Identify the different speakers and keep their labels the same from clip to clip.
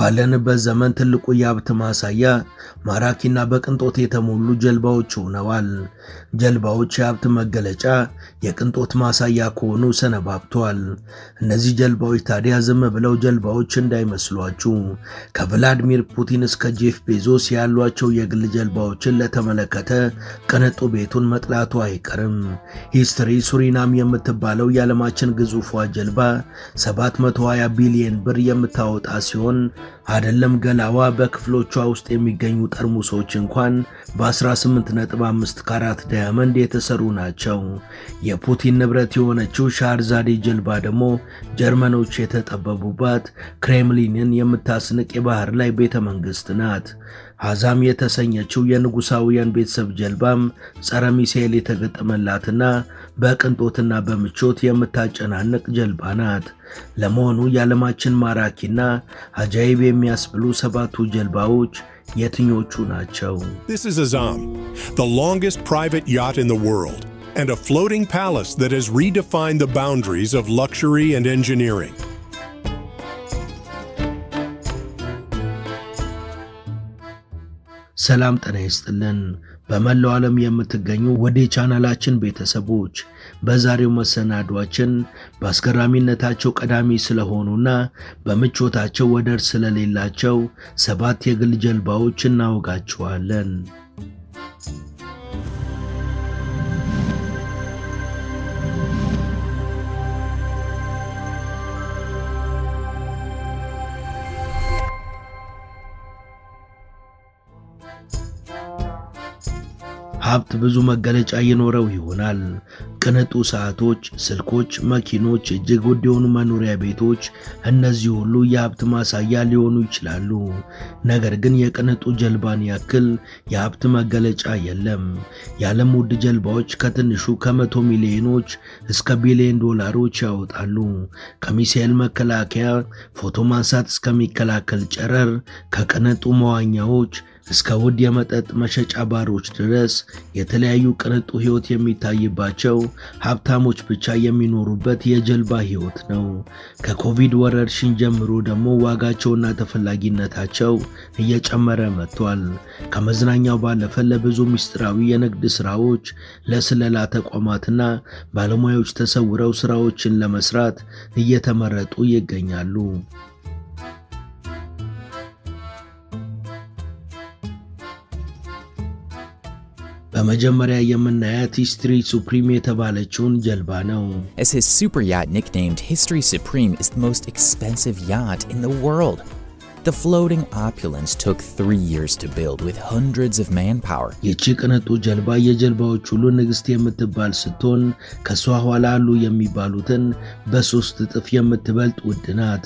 Speaker 1: ባለንበት ዘመን ትልቁ የሀብት ማሳያ ማራኪና በቅንጦት የተሞሉ ጀልባዎች ሆነዋል። ጀልባዎች የሀብት መገለጫ፣ የቅንጦት ማሳያ ከሆኑ ሰነባብተዋል። እነዚህ ጀልባዎች ታዲያ ዝም ብለው ጀልባዎች እንዳይመስሏችሁ። ከቭላዲሚር ፑቲን እስከ ጄፍ ቤዞስ ያሏቸው የግል ጀልባዎችን ለተመለከተ ቅንጡ ቤቱን መጥላቱ አይቀርም። ሂስትሪ ሱሪናም የምትባለው የዓለማችን ግዙፏ ጀልባ 720 ቢሊየን ብር የምታወጣ ሲሆን አደለም ገላዋ በክፍሎቿ ውስጥ የሚገኙ ጠርሙሶች እንኳን በ18.5 ካራት ዳያመንድ የተሰሩ ናቸው። የፑቲን ንብረት የሆነችው ሻርዛዴ ጀልባ ደግሞ ጀርመኖች የተጠበቡባት ክሬምሊንን የምታስንቅ የባህር ላይ ቤተ መንግሥት ናት። ሐዛም የተሰኘችው የንጉሳውያን ቤተሰብ ጀልባም ጸረ ሚሳኤል የተገጠመላትና በቅንጦትና በምቾት የምታጨናንቅ ጀልባ ናት። ለመሆኑ የዓለማችን ማራኪና አጃይብ የሚያስብሉ ሰባቱ ጀልባዎች የትኞቹ ናቸው?
Speaker 2: This is Azam, the longest private yacht in the world and a floating palace that has redefined the boundaries of luxury and engineering.
Speaker 1: ሰላም ጤና ይስጥልን። በመላው ዓለም የምትገኙ ወደ ቻናላችን ቤተሰቦች በዛሬው መሰናዷችን በአስገራሚነታቸው ቀዳሚ ስለሆኑና በምቾታቸው ወደር ስለሌላቸው ሰባት የግል ጀልባዎች እናወጋችኋለን። ሀብት ብዙ መገለጫ ይኖረው ይሆናል። የተቀነጡ ሰዓቶች፣ ስልኮች፣ መኪኖች፣ እጅግ ውድ የሆኑ መኖሪያ ቤቶች፣ እነዚህ ሁሉ የሀብት ማሳያ ሊሆኑ ይችላሉ። ነገር ግን የቅንጡ ጀልባን ያክል የሀብት መገለጫ የለም። የዓለም ውድ ጀልባዎች ከትንሹ ከመቶ ሚሊዮኖች እስከ ቢሊዮን ዶላሮች ያወጣሉ። ከሚሳኤል መከላከያ ፎቶ ማንሳት እስከሚከላከል ጨረር፣ ከቅንጡ መዋኛዎች እስከ ውድ የመጠጥ መሸጫ ባሮች ድረስ የተለያዩ ቅንጡ ሕይወት የሚታይባቸው ሀብታሞች ብቻ የሚኖሩበት የጀልባ ህይወት ነው። ከኮቪድ ወረርሽኝ ጀምሮ ደግሞ ዋጋቸውና ተፈላጊነታቸው እየጨመረ መጥቷል። ከመዝናኛው ባለፈ ለብዙ ምስጢራዊ የንግድ ስራዎች፣ ለስለላ ተቋማትና ባለሙያዎች ተሰውረው ስራዎችን ለመስራት እየተመረጡ ይገኛሉ። በመጀመሪያ የምናያት ሂስትሪ ሱፕሪም የተባለችውን ጀልባ ነው።
Speaker 2: As his super yacht nicknamed, History Supreme is the most expensive yacht in the world. The floating opulence took three years to build with hundreds of manpower.
Speaker 1: ይቺ ቅንጡ ጀልባ የጀልባዎች ሁሉ ንግሥት የምትባል ስትሆን ከሷ ኋላ አሉ የሚባሉትን በሶስት እጥፍ የምትበልጥ ውድ ናት።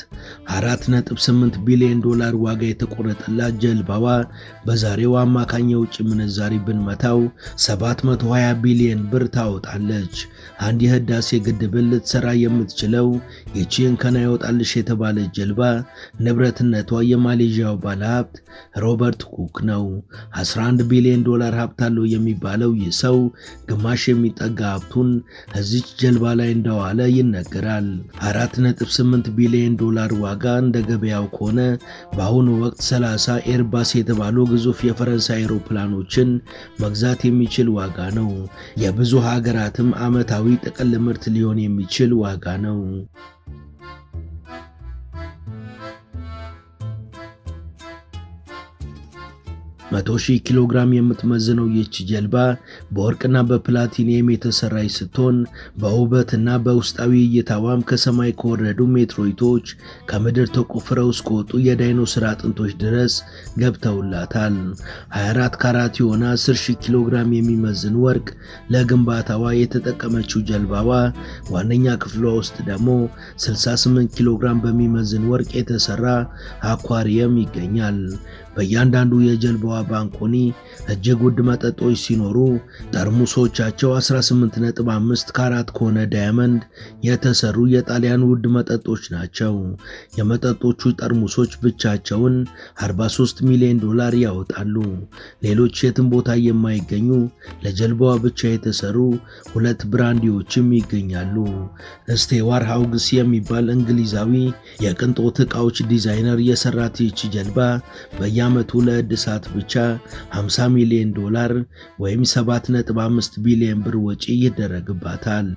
Speaker 1: 4.8 ቢሊዮን ዶላር ዋጋ የተቆረጠላት ጀልባዋ በዛሬው አማካኝ የውጭ ምንዛሪ ብንመታው 720 ቢሊዮን ብር ታወጣለች። አንድ የህዳሴ ግድብን ልትሰራ የምትችለው ይቺን ከና ይወጣልሽ የተባለች ጀልባ ንብረትነቷ የማሌዥያው ባለሀብት ሮበርት ኩክ ነው። 11 ቢሊዮን ዶላር ሀብት አለው የሚባለው ይህ ሰው ግማሽ የሚጠጋ ሀብቱን እዚች ጀልባ ላይ እንደዋለ ይነገራል። 4.8 ቢሊዮን ዶላር ዋጋ እንደ ገበያው ከሆነ በአሁኑ ወቅት 30 ኤርባስ የተባሉ ግዙፍ የፈረንሳይ አይሮፕላኖችን መግዛት የሚችል ዋጋ ነው። የብዙ ሀገራትም ዓመታዊ ጥቅል ምርት ሊሆን የሚችል ዋጋ ነው። 100,000 ኪሎ ግራም የምትመዝነው ይህች ጀልባ በወርቅና በፕላቲኒየም የተሰራች ስትሆን በውበትና በውስጣዊ እይታዋም ከሰማይ ከወረዱ ሜትሮይቶች ከምድር ተቆፍረው እስከወጡ የዳይኖሰር አጥንቶች ድረስ ገብተውላታል። 24 ካራት የሆነ 10,000 ኪሎ ግራም የሚመዝን ወርቅ ለግንባታዋ የተጠቀመችው ጀልባዋ ዋነኛ ክፍሏ ውስጥ ደግሞ 68 ኪሎ ግራም በሚመዝን ወርቅ የተሰራ አኳሪየም ይገኛል። በእያንዳንዱ የጀልባዋ ባንኮኒ እጅግ ውድ መጠጦች ሲኖሩ ጠርሙሶቻቸው 18.5 ካራት ከሆነ ዳያመንድ የተሰሩ የጣሊያን ውድ መጠጦች ናቸው። የመጠጦቹ ጠርሙሶች ብቻቸውን 43 ሚሊዮን ዶላር ያወጣሉ። ሌሎች የትም ቦታ የማይገኙ ለጀልባዋ ብቻ የተሰሩ ሁለት ብራንዲዎችም ይገኛሉ። ስቴዋር ሃውግስ የሚባል እንግሊዛዊ የቅንጦት ዕቃዎች ዲዛይነር የሰራት ይቺ ጀልባ በየ በየዓመቱ ለእድሳት ብቻ 50 ሚሊዮን ዶላር ወይም 7.5 ቢሊዮን ብር ወጪ ይደረግባታል።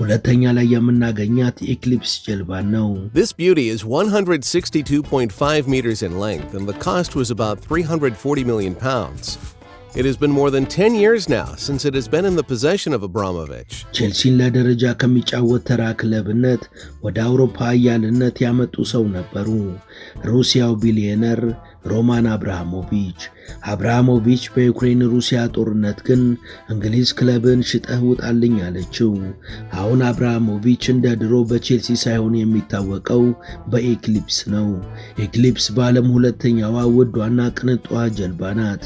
Speaker 1: ሁለተኛ ላይ የምናገኛት ኤክሊፕስ ጀልባን ነው።
Speaker 2: This beauty is 162.5 meters in length and the cost was about 340 million pounds. It has been more than 10 years now since it has been in the possession of Abramovich.
Speaker 1: ቼልሲን ለደረጃ ከሚጫወት ተራ ክለብነት ወደ አውሮፓ አያልነት ያመጡ ሰው ነበሩ። ሩሲያው ሮማን አብርሃሞቪች። አብርሃሞቪች በዩክሬን ሩሲያ ጦርነት ግን እንግሊዝ ክለብን ሽጠህ ውጣልኝ አለችው። አሁን አብርሃሞቪች እንደ ድሮ በቼልሲ ሳይሆን የሚታወቀው በኤክሊፕስ ነው። ኤክሊፕስ በዓለም ሁለተኛዋ ውዷና ቅንጧ ጀልባ ናት።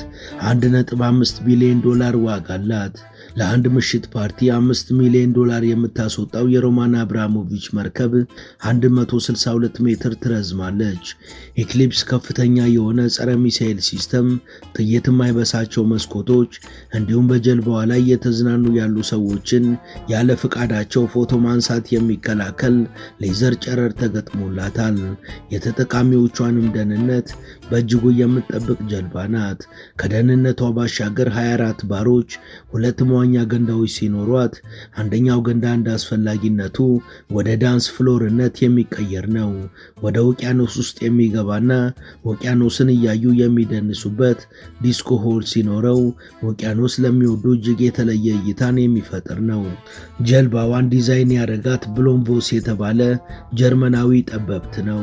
Speaker 1: 1.5 ቢሊዮን ዶላር ዋጋ አላት። ለአንድ ምሽት ፓርቲ አምስት ሚሊዮን ዶላር የምታስወጣው የሮማን አብርሃሞቪች መርከብ 162 ሜትር ትረዝማለች። ኢክሊፕስ ከፍተኛ የሆነ ጸረ ሚሳኤል ሲስተም፣ ጥይት የማይበሳቸው መስኮቶች እንዲሁም በጀልባዋ ላይ እየተዝናኑ ያሉ ሰዎችን ያለ ፍቃዳቸው ፎቶ ማንሳት የሚከላከል ሌዘር ጨረር ተገጥሞላታል። የተጠቃሚዎቿንም ደህንነት በእጅጉ የምትጠብቅ ጀልባ ናት። ከደህንነቷ ባሻገር 24 ባሮች፣ ሁለት መዋኛ ገንዳዎች ሲኖሯት አንደኛው ገንዳ እንደ አስፈላጊነቱ ወደ ዳንስ ፍሎርነት የሚቀየር ነው። ወደ ውቅያኖስ ውስጥ የሚገባና ውቅያኖስን እያዩ የሚደንሱበት ዲስኮ ሆል ሲኖረው ውቅያኖስ ለሚወዱ እጅግ የተለየ እይታን የሚፈጥር ነው። ጀልባዋን ዲዛይን ያደረጋት ብሎምቮስ የተባለ ጀርመናዊ ጠበብት ነው።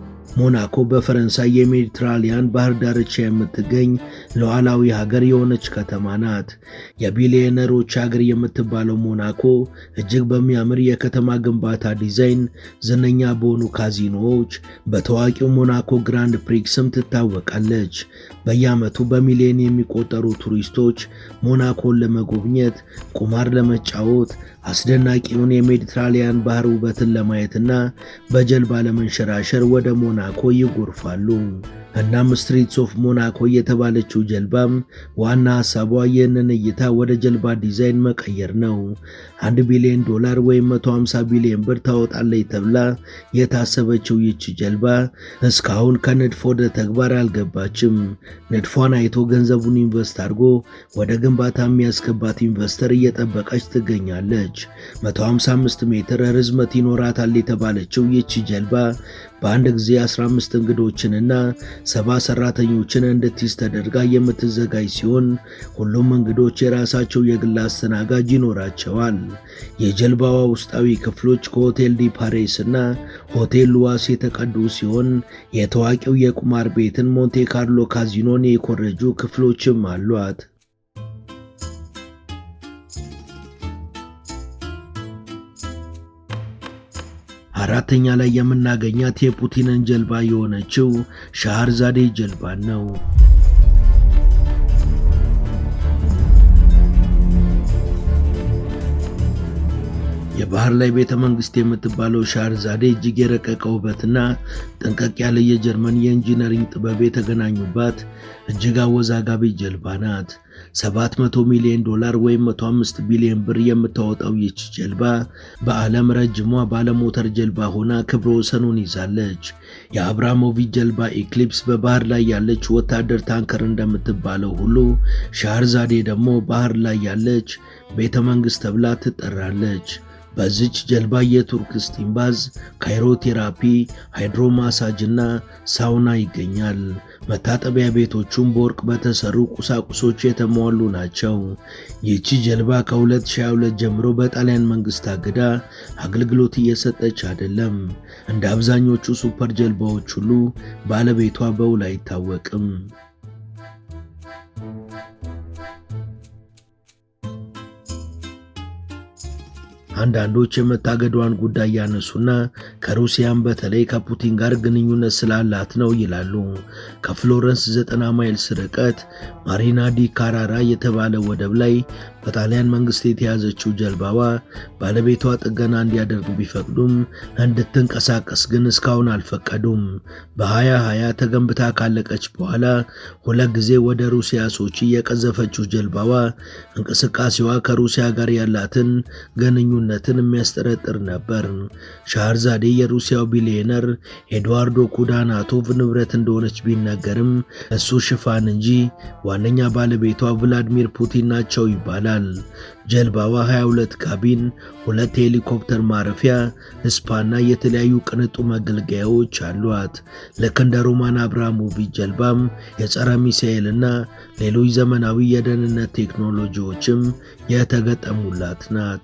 Speaker 1: ሞናኮ በፈረንሳይ የሜዲትራሊያን ባህር ዳርቻ የምትገኝ ሉዓላዊ ሀገር የሆነች ከተማ ናት። የቢሊዮነሮች ሀገር የምትባለው ሞናኮ እጅግ በሚያምር የከተማ ግንባታ ዲዛይን፣ ዝነኛ በሆኑ ካዚኖዎች፣ በታዋቂው ሞናኮ ግራንድ ፕሪክስም ትታወቃለች። በየዓመቱ በሚሊዮን የሚቆጠሩ ቱሪስቶች ሞናኮን ለመጎብኘት፣ ቁማር ለመጫወት፣ አስደናቂውን የሜዲትራሊያን ባህር ውበትን ለማየትና በጀልባ ለመንሸራሸር ወደ zauna ko yi gurfalon እናም ስትሪትስ ኦፍ ሞናኮ የተባለችው ጀልባም ዋና ሐሳቧ ይህንን እይታ ወደ ጀልባ ዲዛይን መቀየር ነው። አንድ ቢሊዮን ዶላር ወይም 150 ቢሊዮን ብር ታወጣለች ተብላ የታሰበችው ይች ጀልባ እስካሁን ከንድፍ ወደ ተግባር አልገባችም። ንድፏን አይቶ ገንዘቡን ኢንቨስት አድርጎ ወደ ግንባታ የሚያስገባት ኢንቨስተር እየጠበቀች ትገኛለች። 155 ሜትር ርዝመት ይኖራታል የተባለችው ይች ጀልባ በአንድ ጊዜ 15 እንግዶችንና ሰባ ሰራተኞችን እንድትይዝ ተደርጋ የምትዘጋጅ ሲሆን ሁሉም እንግዶች የራሳቸው የግል አስተናጋጅ ይኖራቸዋል። የጀልባዋ ውስጣዊ ክፍሎች ከሆቴል ዲ ፓሬስ እና ሆቴል ሉዋስ የተቀዱ ሲሆን የታዋቂው የቁማር ቤትን ሞንቴ ካርሎ ካዚኖን የኮረጁ ክፍሎችም አሏት። አራተኛ ላይ የምናገኛት የፑቲንን ጀልባ የሆነችው ሻህርዛዴ ጀልባን ነው። የባህር ላይ ቤተ መንግስት የምትባለው ሻርዛዴ እጅግ የረቀቀ ውበትና ጠንቀቅ ያለ የጀርመን የኢንጂነሪንግ ጥበብ የተገናኙባት እጅግ አወዛጋቢ ጀልባ ናት። 700 ሚሊዮን ዶላር ወይም 105 ቢሊዮን ብር የምታወጣው ይች ጀልባ በዓለም ረጅሟ ባለሞተር ጀልባ ሆና ክብረ ወሰኑን ይዛለች። የአብራሞቪች ጀልባ ኢክሊፕስ በባህር ላይ ያለች ወታደር ታንከር እንደምትባለው ሁሉ ሻርዛዴ ደግሞ ባህር ላይ ያለች ቤተ መንግሥት ተብላ ትጠራለች። በዚች ጀልባ የቱርክ ስቲምባዝ ካይሮቴራፒ፣ ሃይድሮማሳጅ እና ሳውና ይገኛል። መታጠቢያ ቤቶቹም በወርቅ በተሰሩ ቁሳቁሶች የተሟሉ ናቸው። ይቺ ጀልባ ከ2022 ጀምሮ በጣሊያን መንግስት አገዳ አገልግሎት እየሰጠች አይደለም። እንደ አብዛኞቹ ሱፐር ጀልባዎች ሁሉ ባለቤቷ በውል አይታወቅም። አንዳንዶች የመታገዷን ጉዳይ ያነሱና ከሩሲያም በተለይ ከፑቲን ጋር ግንኙነት ስላላት ነው ይላሉ። ከፍሎረንስ ዘጠና ማይልስ ርቀት ማሪና ዲ ካራራ የተባለ ወደብ ላይ በጣሊያን መንግስት የተያዘችው ጀልባዋ ባለቤቷ ጥገና እንዲያደርጉ ቢፈቅዱም እንድትንቀሳቀስ ግን እስካሁን አልፈቀዱም። በ በ2020 ተገንብታ ካለቀች በኋላ ሁለት ጊዜ ወደ ሩሲያ ሶቺ የቀዘፈችው ጀልባዋ እንቅስቃሴዋ ከሩሲያ ጋር ያላትን ግንኙነትን የሚያስጠረጥር ነበር። ሻርዛዴ የሩሲያው ቢሊዮነር ኤድዋርዶ ኩዳናቶቭ ንብረት እንደሆነች ቢነገርም እሱ ሽፋን እንጂ ዋነኛ ባለቤቷ ቭላዲሚር ፑቲን ናቸው ይባላል። ይላል። ጀልባዋ 22 ካቢን፣ ሁለት ሄሊኮፕተር ማረፊያ፣ ስፓና የተለያዩ ቅንጡ መገልገያዎች አሏት። ልክ እንደ ሮማን አብራሞቪች ጀልባም የጸረ ሚሳኤልና ሌሎች ዘመናዊ የደህንነት ቴክኖሎጂዎችም የተገጠሙላት ናት።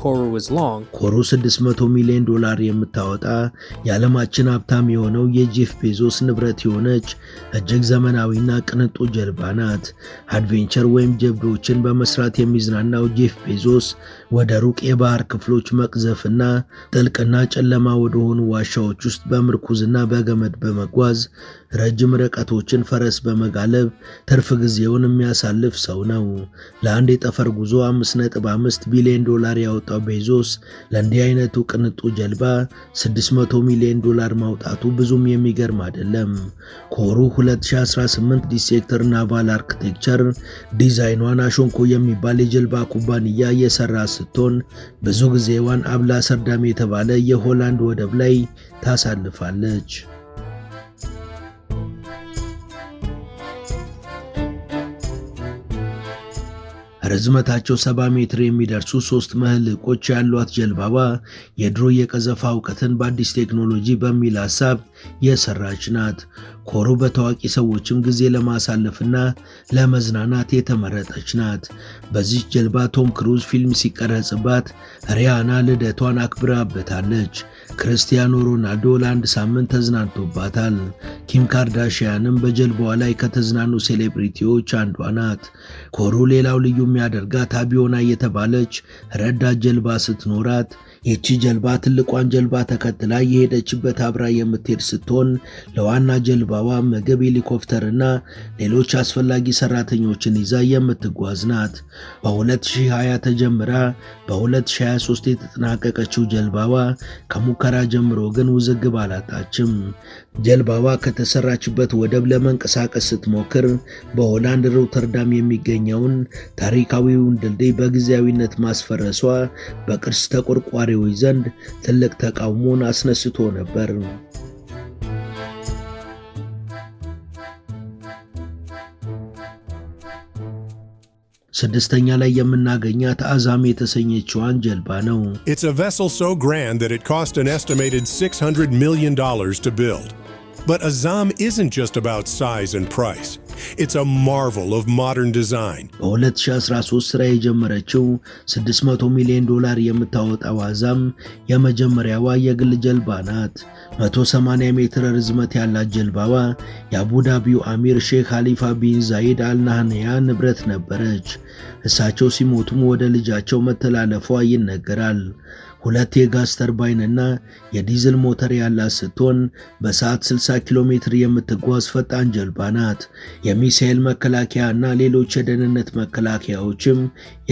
Speaker 2: ኮሩ
Speaker 1: 600 ሚሊዮን ዶላር የምታወጣ የዓለማችን ሀብታም የሆነው የጄፍ ቤዞስ ንብረት የሆነች እጅግ ዘመናዊና ቅንጡ ጀልባ ናት። አድቬንቸር ወይም ጀብዶችን በመስራት የሚዝናናው ጄፍ ቤዞስ ወደ ሩቅ የባህር ክፍሎች መቅዘፍና ጥልቅና ጨለማ ወደሆኑ ዋሻዎች ውስጥ በምርኩዝና በገመድ በመጓዝ ረጅም ርቀቶችን ፈረስ በመጋለብ ትርፍ ጊዜውን የሚያሳልፍ ሰው ነው። ለአንድ የጠፈር ጉዞ 5.5 ቢሊዮን ዶላር ያወጣው ቤዞስ ለእንዲህ አይነቱ ቅንጡ ጀልባ 600 ሚሊዮን ዶላር ማውጣቱ ብዙም የሚገርም አይደለም። ኮሩ 2018 ዲሴክተር ናቫል አርክቴክቸር ዲዛይኗን አሾንኮ የሚባል የጀልባ ኩባንያ እየሰራ ስትሆን ብዙ ጊዜዋን አብላ ሰርዳም የተባለ የሆላንድ ወደብ ላይ ታሳልፋለች። ርዝመታቸው 70 ሜትር የሚደርሱ ሶስት መህልቆች ያሏት ጀልባዋ የድሮ የቀዘፋ እውቀትን በአዲስ ቴክኖሎጂ በሚል ሀሳብ የሰራች ናት። ኮሩ በታዋቂ ሰዎችም ጊዜ ለማሳለፍና ለመዝናናት የተመረጠች ናት። በዚች ጀልባ ቶም ክሩዝ ፊልም ሲቀረጽባት ሪያና ልደቷን አክብራበታለች። ክርስቲያኖ ሮናልዶ ለአንድ ሳምንት ተዝናንቶባታል። ኪም ካርዳሽያንም በጀልባዋ ላይ ከተዝናኑ ሴሌብሪቲዎች አንዷ ናት። ኮሩ ሌላው ልዩ የሚያደርጋት አቢዮና እየተባለች ረዳት ጀልባ ስትኖራት ይቺ ጀልባ ትልቋን ጀልባ ተከትላ የሄደችበት አብራ የምትሄድ ስትሆን ለዋና ጀልባዋ ምግብ፣ ሄሊኮፕተርና ሌሎች አስፈላጊ ሰራተኞችን ይዛ የምትጓዝ ናት። በ2020 ተጀምራ በ2023 የተጠናቀቀችው ጀልባዋ ከሙከራ ጀምሮ ግን ውዝግብ አላጣችም። ጀልባዋ ከተሰራችበት ወደብ ለመንቀሳቀስ ስትሞክር በሆላንድ ሮተርዳም የሚገኘውን ታሪካዊውን ድልድይ በጊዜያዊነት ማስፈረሷ በቅርስ ተቆርቋሪ It's a vessel
Speaker 2: so grand that it cost an estimated $600 million to build. But Azam isn't just about size and price. በ2013
Speaker 1: ስራ የጀመረችው 600 ሚሊዮን ዶላር የምታወጣ ዋዛም የመጀመሪያዋ የግል ጀልባ ናት። 180 ሜትር ርዝመት ያላት ጀልባዋ የአቡዳቢው አሚር ሼህ ኻሊፋ ቢን ዛይድ አልናህንያ ንብረት ነበረች። እሳቸው ሲሞቱም ወደ ልጃቸው መተላለፏ ይነገራል። ሁለት የጋዝ ተርባይን እና የዲዝል ሞተር ያላት ስትሆን በሰዓት 60 ኪሎ ሜትር የምትጓዝ ፈጣን ጀልባ ናት። የሚሳኤል መከላከያ እና ሌሎች የደህንነት መከላከያዎችም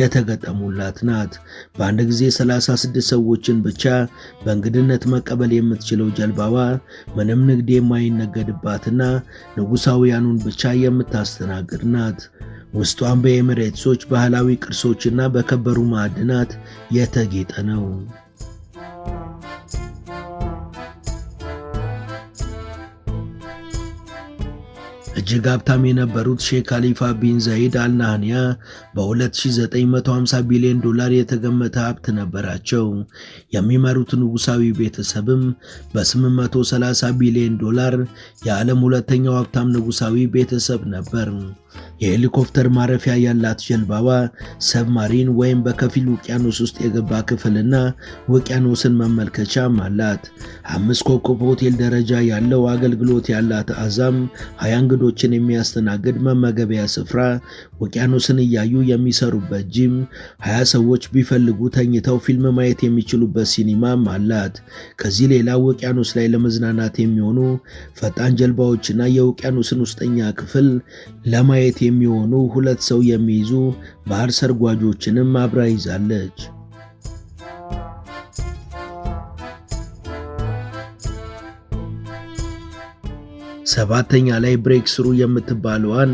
Speaker 1: የተገጠሙላት ናት። በአንድ ጊዜ 36 ሰዎችን ብቻ በእንግድነት መቀበል የምትችለው ጀልባዋ ምንም ንግድ የማይነገድባትና ንጉሳውያኑን ብቻ የምታስተናግድ ናት። ውስጧን በኤሚሬትሶች ባህላዊ ቅርሶችና በከበሩ ማዕድናት የተጌጠ ነው። እጅግ ሀብታም የነበሩት ሼክ ካሊፋ ቢን ዛይድ አልናህንያ በ2950 ቢሊዮን ዶላር የተገመተ ሀብት ነበራቸው። የሚመሩት ንጉሳዊ ቤተሰብም በ830 ቢሊዮን ዶላር የዓለም ሁለተኛው ሀብታም ንጉሳዊ ቤተሰብ ነበር። የሄሊኮፕተር ማረፊያ ያላት ጀልባዋ ሰብማሪን ወይም በከፊል ውቅያኖስ ውስጥ የገባ ክፍልና ውቅያኖስን መመልከቻም አላት። አምስት ኮከብ ሆቴል ደረጃ ያለው አገልግሎት ያላት አዛም ሀያ እንግዶ እንግዶችን የሚያስተናግድ መመገቢያ ስፍራ፣ ውቅያኖስን እያዩ የሚሰሩበት ጂም፣ ሀያ ሰዎች ቢፈልጉ ተኝተው ፊልም ማየት የሚችሉበት ሲኒማም አላት። ከዚህ ሌላ ውቅያኖስ ላይ ለመዝናናት የሚሆኑ ፈጣን ጀልባዎችና የውቅያኖስን ውስጠኛ ክፍል ለማየት የሚሆኑ ሁለት ሰው የሚይዙ ባህር ሰርጓጆችንም አብራ ይዛለች። ሰባተኛ ላይ ብሬክ ስሩ የምትባለዋን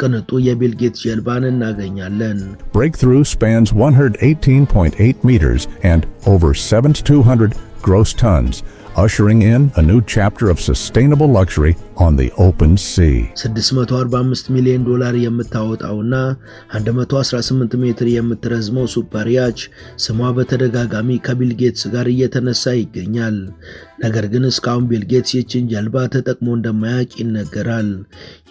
Speaker 1: ቅንጡ የቢል ጌትስ ጀልባን እናገኛለን።
Speaker 2: ብሬክ ስሩ ስፓንስ 118.8 ሜትርስ and over 7200 gross tons ushering in a new chapter of sustainable luxury on the open sea
Speaker 1: 645 ሚሊዮን ዶላር የምታወጣውና 118 ሜትር የምትረዝመው ሱፐርያች ስሟ በተደጋጋሚ ከቢል ጌትስ ጋር እየተነሳ ይገኛል። ነገር ግን እስካሁን ቢልጌትስ የችን ጀልባ ተጠቅሞ እንደማያውቅ ይነገራል።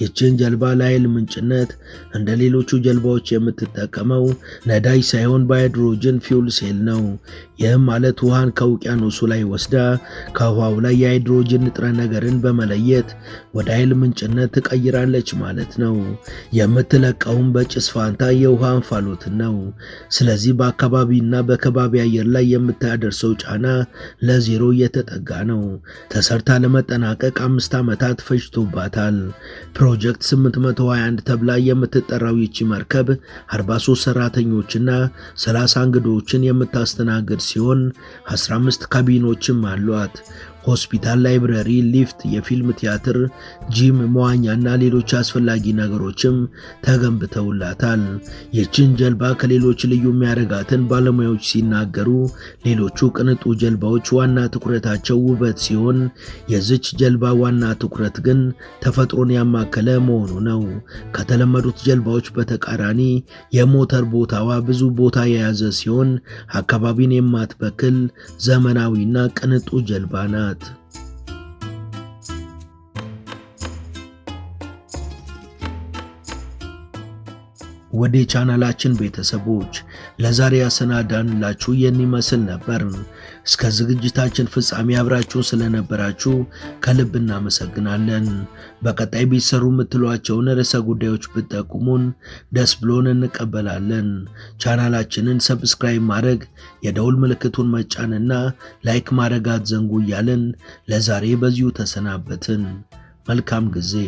Speaker 1: ይችን ጀልባ ለኃይል ምንጭነት እንደ ሌሎቹ ጀልባዎች የምትጠቀመው ነዳጅ ሳይሆን በሃይድሮጅን ፊውል ሴል ነው። ይህም ማለት ውሃን ከውቅያኖሱ ላይ ወስዳ ከውሃው ላይ የሃይድሮጅን ንጥረ ነገርን በመለየት ወደ ኃይል ምንጭነት ትቀይራለች ማለት ነው። የምትለቀውም በጭስ ፋንታ የውሃ እንፋሎትን ነው። ስለዚህ በአካባቢና በከባቢ አየር ላይ የምታደርሰው ጫና ለዜሮ እየተጠጋ ነው። ተሰርታ ለመጠናቀቅ አምስት ዓመታት ፈጅቶባታል። ፕሮጀክት 821 ተብላ የምትጠራው ይቺ መርከብ 43 ሰራተኞችና 30 እንግዶችን የምታስተናግድ ሲሆን 15 ካቢኖችም አሏት። ሆስፒታል፣ ላይብረሪ፣ ሊፍት፣ የፊልም ቲያትር፣ ጂም፣ እና ሌሎች አስፈላጊ ነገሮችም ተገንብተውላታል። ይህችን ጀልባ ከሌሎች ልዩ የሚያደርጋትን ባለሙያዎች ሲናገሩ ሌሎቹ ቅንጡ ጀልባዎች ዋና ትኩረታቸው ውበት ሲሆን የዚች ጀልባ ዋና ትኩረት ግን ተፈጥሮን ያማከለ መሆኑ ነው። ከተለመዱት ጀልባዎች በተቃራኒ የሞተር ቦታዋ ብዙ ቦታ የያዘ ሲሆን አካባቢን የማትበክል ዘመናዊና ቅንጡ ጀልባ ናት። ወደ ቻናላችን ቤተሰቦች ለዛሬ ያሰናዳንላችሁ የሚመስል ነበር። እስከ ዝግጅታችን ፍጻሜ አብራችሁ ስለነበራችሁ ከልብ እናመሰግናለን። በቀጣይ ቢሰሩ የምትሏቸውን ርዕሰ ጉዳዮች ብጠቁሙን ደስ ብሎን እንቀበላለን። ቻናላችንን ሰብስክራይብ ማድረግ፣ የደውል ምልክቱን መጫንና ላይክ ማድረግ አትዘንጉ እያለን ለዛሬ በዚሁ ተሰናበትን። መልካም ጊዜ